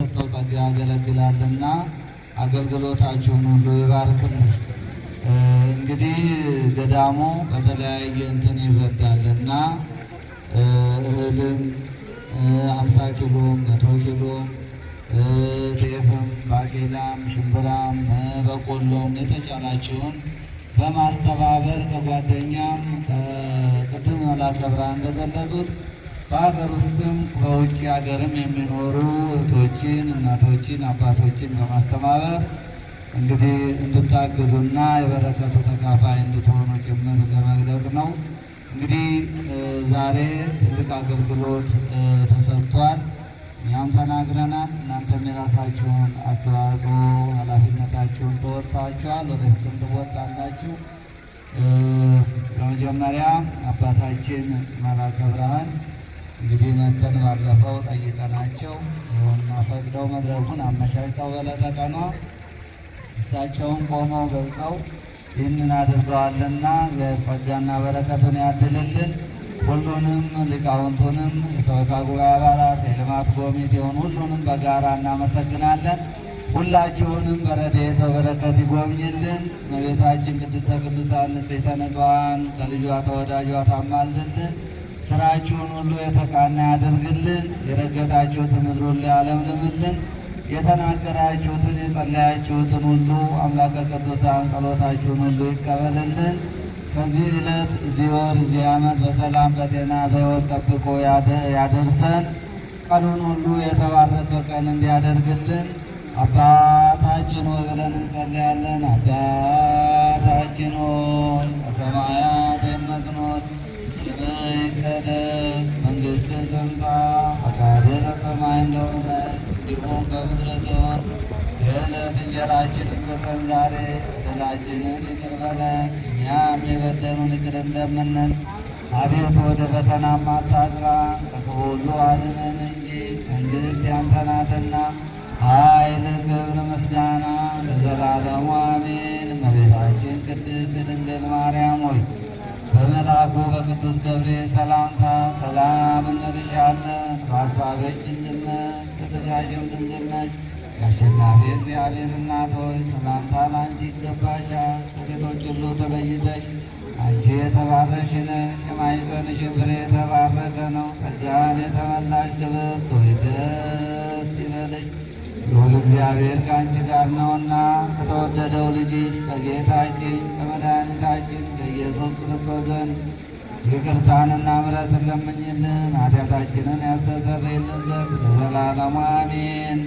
ሰጥተው ጸጋ ያገለግላልና አገልግሎታችሁን ሁሉ ይባርክልን። እንግዲህ ገዳሙ በተለያየ እንትን ይበዳልና እህልም አምሳ ኪሎ መቶ ኪሎ ጤፍም፣ ባቄላም፣ ሽምብራም፣ በቆሎም የተቻላችሁን በማስተባበር ከጓደኛም ቅድም መላከብራ እንደገለጹት በሀገር ውስጥም በውጭ ሀገርም የሚኖሩ እህቶችን፣ እናቶችን፣ አባቶችን በማስተባበር እንግዲህ እንድታግዙና የበረከቱ ተካፋይ እንድትሆኑ ጭምር ለመግለጽ ነው። እንግዲህ ዛሬ ትልቅ አገልግሎት ተሰጥቷል። እኛም ተናግረናል። እናንተም የራሳችሁን አስተዋጽኦ ኃላፊነታችሁን ተወጥታችኋል። ወደፊትም ትወጣላችሁ። በመጀመሪያ አባታችን መላከ ብርሃን እንግዲህ መተን ባለፈው ጠይቀናቸው ይሁንና ፈቅደው መድረኩን አመቻችተው በለተቀኗ እሳቸውን ቆመው ገልጸው ይህንን አድርገዋልና ጸጋና በረከቱን ያድልልን። ሁሉንም ሊቃውንቱንም፣ የሰበካ ጉባኤ አባላት፣ የልማት ኮሚቴውን ሁሉንም በጋራ እናመሰግናለን። ሁላችሁንም በረድኤት በረከት ይጎብኝልን። እመቤታችን ቅድስተ ቅዱሳን ንጽሕተ ከልጇ ተወዳጇ ታማልድልን። ስራችሁን ሁሉ የተቃና ያደርግልን። የረገጣችሁትን ምድሩን ሊያለምልምልን። የተናገራችሁትን የጸለያችሁትን ሁሉ አምላከ ቅዱሳን ጸሎታችሁን ሁሉ ይቀበልልን። ከዚህ ዕለት እዚህ ወር እዚህ ዓመት በሰላም በጤና በሕይወት ጠብቆ ያደርሰን። ቀኑን ሁሉ የተባረከ ቀን እንዲያደርግልን አባታችን ሆይ ብለን እንጸልያለን። አባታችን ሆይ የዕለት እንጀራችንን ስጠን ዛሬ፣ በደላችንን ይቅር በለን እኛም የበደሉንን ይቅር እንደምንል። አቤቱ ወደ ፈተና አታግባን፣ ከክፉ ሁሉ አድነን እንጂ መንግሥት ያንተ ናትና ኃይል፣ ክብር፣ ምስጋና ለዘላለሙ አሜን። እመቤታችን ቅድስት ድንግል ማርያም ሆይ በመልአኩ በቅዱስ ገብርኤል ሰላምታ ሰላም እንልሻለን። በሐሳብሽ ድንግል ነሽ፣ በሥጋሽም ድንግል ነሽ። የአሸናፊ እግዚአብሔር እናቶች ሰላምታ ላንቺ ይገባሻል። ከሴቶች ሁሉ ተለይተሽ አንቺ የተባረክሽ ነሽ፣ የማኅፀንሽ ፍሬ የተባረከ ነው። ጸጋን የተመላሽ ክብርት ሆይ ደስ ይበልሽ፣ ልዑል እግዚአብሔር ከአንቺ ጋር ነውና ከተወደደው ልጅሽ ከጌታችን ከመድኃኒታችን ከኢየሱስ ክርስቶስ ዘንድ ይቅርታንና ምሕረትን ለምኝልን ኃጢአታችንን ያስተሰርይልን ዘንድ ለዘላለሙ አሜን።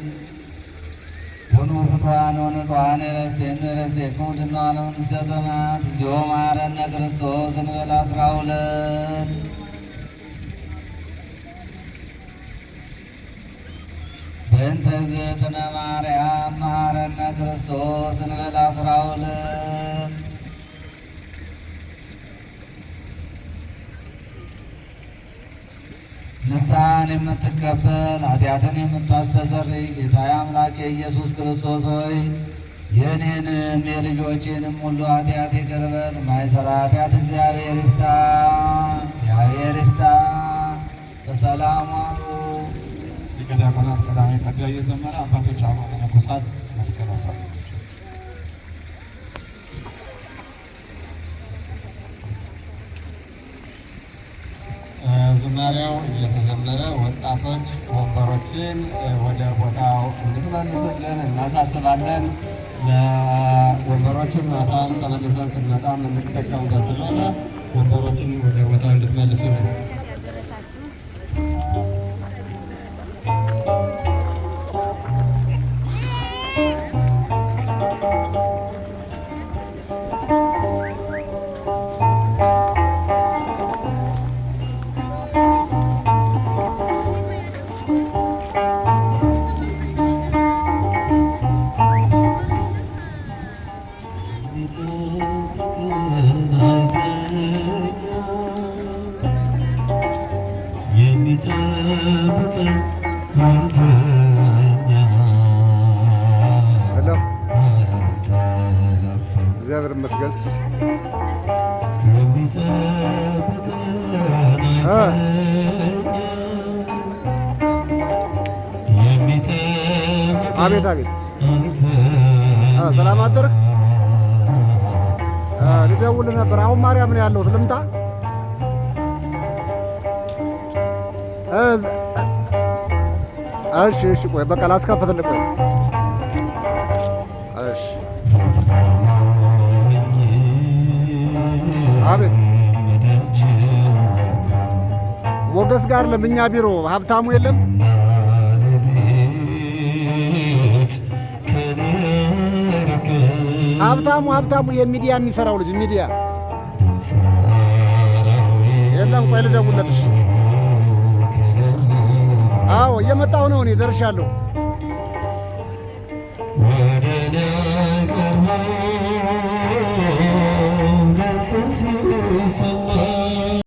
ኩኑ ፍቱሐን ረሴን ረሴኩ ድኗን ሰማያት እግዚኦ መሐረነ ክርስቶስ እንበል አስራ ሁለት በእንተ ማርያም መሐረነ ክርስቶስ እንበል አስራ ሁለት ንስሐን የምትቀበል ኃጢአትን የምታስተሰርይ ጌታዬ አምላኬ ኢየሱስ ክርስቶስ ሆይ የእኔንም የልጆቼንም ሁሉ ኃጢአት ይቅር በል። ማይሰራ ኃጢአት እግዚአብሔር ይፍታ፣ እግዚአብሔር ይፍታ። በሰላም ዋሉ። ሊቀ ዲያቆናት ቀዳማዊ ጸጋ እየዘመረ አባቶች አበ መነኮሳት መስከረሰ መጀመሪያው እየተጀመረ ወጣቶች ወንበሮችን ወደ ቦታው እንድትመልሱልን እናሳስባለን። ለወንበሮችን ማታን ተመልሰን ስንመጣም እንድንጠቀሙበት ስለሆነ ወንበሮችን ወደ ቦታው እንድትመልሱልን እግዚአብሔር ይመስገን። አቤት አቤት፣ ሰላም አደርክ። ነበር። አሁን ማርያም ነው ያለሁት። ልምጣ እሺ፣ እሺ። ቆይ በቃ ላስከፍትልህ። ቆይ አቤት ሞገስ ጋር ለምኛ ቢሮ ሀብታሙ የለም ሀብታሙ ሀብታሙ የሚዲያ የሚሰራው ልጅ ሚዲያ የለም። ቆይ ልደውልለትሽ። አዎ እየመጣሁ ነው እኔ ደርሻለሁ። ወደ existe